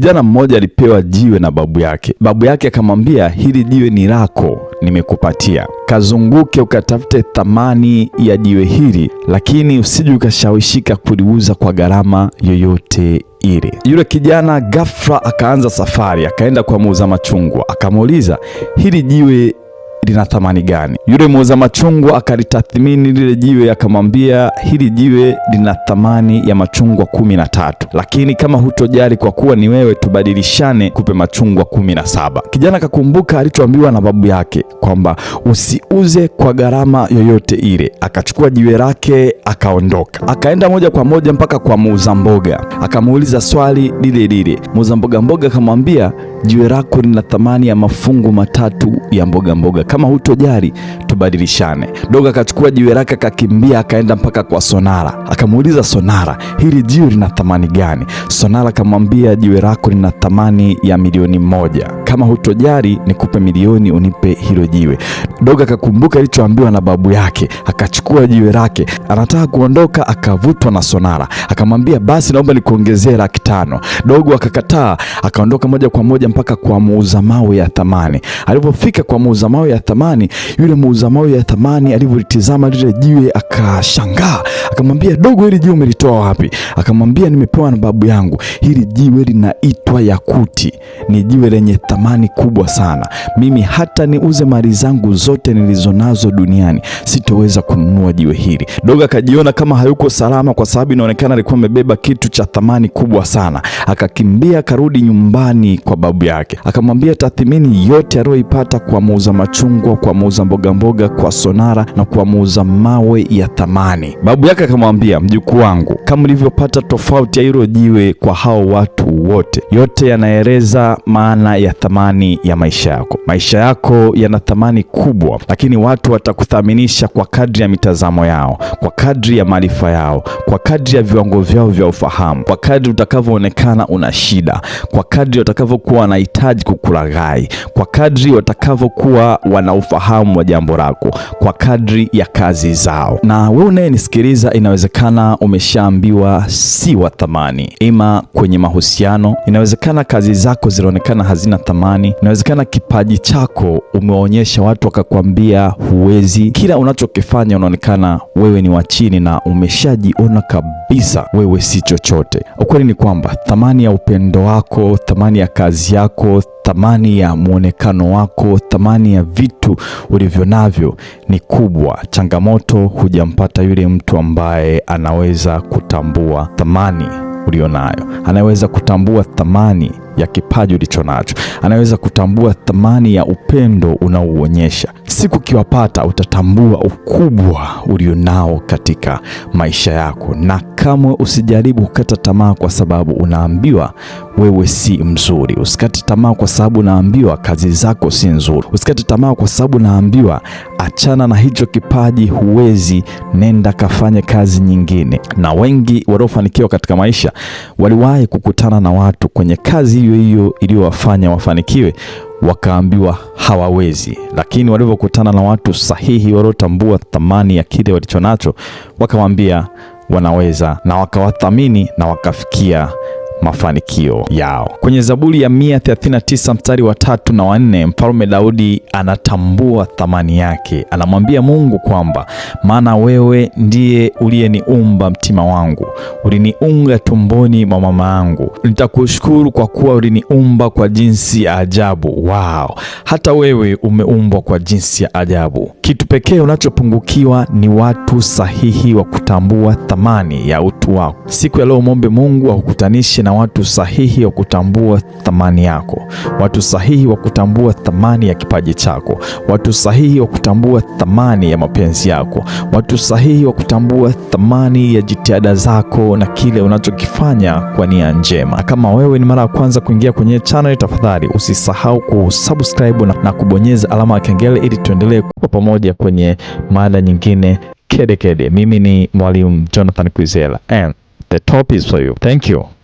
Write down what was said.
Kijana mmoja alipewa jiwe na babu yake. Babu yake akamwambia, hili jiwe ni lako, nimekupatia, kazunguke ukatafute thamani ya jiwe hili, lakini usije ukashawishika kuliuza kwa gharama yoyote ile. Yule kijana ghafla akaanza safari, akaenda kwa muuza machungwa, akamuuliza, hili jiwe lina thamani gani? Yule muuza machungwa akalitathmini lile jiwe, akamwambia hili jiwe lina thamani ya machungwa kumi na tatu, lakini kama hutojali, kwa kuwa ni wewe, tubadilishane kupe machungwa kumi na saba. Kijana akakumbuka alichoambiwa na babu yake kwamba usiuze kwa gharama yoyote ile. Akachukua jiwe lake akaondoka, akaenda moja kwa moja mpaka kwa muuza mboga, akamuuliza swali lile lile. Muuza mboga mboga akamwambia, jiwe lako lina thamani ya mafungu matatu ya mboga mboga kama kama hutojali tubadilishane. Dogo akachukua jiwe lake akakimbia akaenda mpaka kwa Sonara akamuuliza Sonara, hili jiwe lina thamani gani? Sonara akamwambia jiwe lako lina thamani ya milioni moja, kama hutojali nikupe milioni unipe hilo jiwe. Dogo akakumbuka alichoambiwa na babu yake akachukua jiwe lake anataka kuondoka, akavutwa na Sonara akamwambia basi, naomba nikuongezee laki tano. Dogo akakataa akaondoka moja kwa moja mpaka kwa muuza mawe ya thamani. Alipofika kwa muuza mawe ya ya thamani. Yule muuza mawe ya thamani alivyolitizama lile jiwe akashangaa, akamwambia, dogo, hili jiwe umelitoa wapi? Akamwambia, nimepewa na babu yangu. Hili jiwe linaitwa yakuti, ni jiwe lenye thamani kubwa sana. Mimi hata niuze mali zangu zote nilizonazo duniani sitoweza kununua jiwe hili. Dogo akajiona kama hayuko salama, kwa sababu inaonekana alikuwa amebeba kitu cha thamani kubwa sana. Akakimbia akarudi nyumbani kwa babu yake, akamwambia tathmini yote aliyoipata kwa muuza machungu machungwa, kwa muuza mboga mboga, kwa sonara na kwa muuza mawe ya thamani. Babu yake akamwambia, mjukuu wangu, kama ulivyopata tofauti ya hilo jiwe kwa hao watu wote, yote yanaeleza maana ya thamani ya maisha yako. Maisha yako yana thamani kubwa, lakini watu watakuthaminisha kwa kadri ya mitazamo yao, kwa kadri ya maarifa yao, kwa kadri ya viwango vyao vya ufahamu, kwa kadri utakavyoonekana una shida, kwa kadri watakavyokuwa wanahitaji kukulaghai, kwa kadri watakavyokuwa wana ufahamu wa jambo lako kwa kadri ya kazi zao. Na wewe unayenisikiliza, inawezekana umeshaambiwa si wa thamani, ima kwenye mahusiano, inawezekana kazi zako zilionekana hazina thamani, inawezekana kipaji chako umewaonyesha watu wakakwambia huwezi, kila unachokifanya unaonekana wewe ni wa chini na umeshajiona kabisa wewe si chochote. Ukweli ni kwamba thamani ya upendo wako, thamani ya kazi yako thamani ya mwonekano wako, thamani ya vitu ulivyo navyo ni kubwa. Changamoto, hujampata yule mtu ambaye anaweza kutambua thamani ulionayo, anaweza kutambua thamani ya kipaji ulicho nacho, anaweza kutambua thamani ya upendo unaouonyesha, siku ukiwapata utatambua ukubwa ulionao katika maisha yako, na kamwe usijaribu kukata tamaa kwa sababu unaambiwa wewe si mzuri. Usikate tamaa kwa sababu unaambiwa kazi zako si nzuri. Usikate tamaa kwa sababu unaambiwa achana na hicho kipaji, huwezi, nenda kafanye kazi nyingine. Na wengi waliofanikiwa katika maisha waliwahi kukutana na watu kwenye kazi hiyo hiyo iliyowafanya wafanikiwe wakaambiwa hawawezi, lakini walivyokutana na watu sahihi waliotambua thamani ya kile walichonacho, wakawaambia wanaweza, na wakawathamini na wakafikia mafanikio yao. Kwenye Zaburi ya 139 mstari wa tatu na wanne, Mfalme Daudi anatambua thamani yake, anamwambia Mungu kwamba maana wewe ndiye uliyeniumba mtima wangu, uliniunga tumboni mwa mama yangu, nitakushukuru kwa kuwa uliniumba kwa jinsi ya ajabu. Wow, hata wewe umeumbwa kwa jinsi ya ajabu. Kitu pekee unachopungukiwa ni watu sahihi wa kutambua thamani ya utu wako. Siku ya leo mwombe Mungu akukutanishe na na watu sahihi wa kutambua thamani yako, watu sahihi wa kutambua thamani ya kipaji chako, watu sahihi wa kutambua thamani ya mapenzi yako, watu sahihi wa kutambua thamani ya jitihada zako na kile unachokifanya kwa nia njema. kama wewe ni mara ya kwanza kuingia kwenye channel, tafadhali usisahau kusubscribe na, na kubonyeza alama ya kengele ili tuendelee kuwa pamoja kwenye mada nyingine kedekede kede. Mimi ni Mwalimu Jonathan Kwizera and the top is for you. Thank you.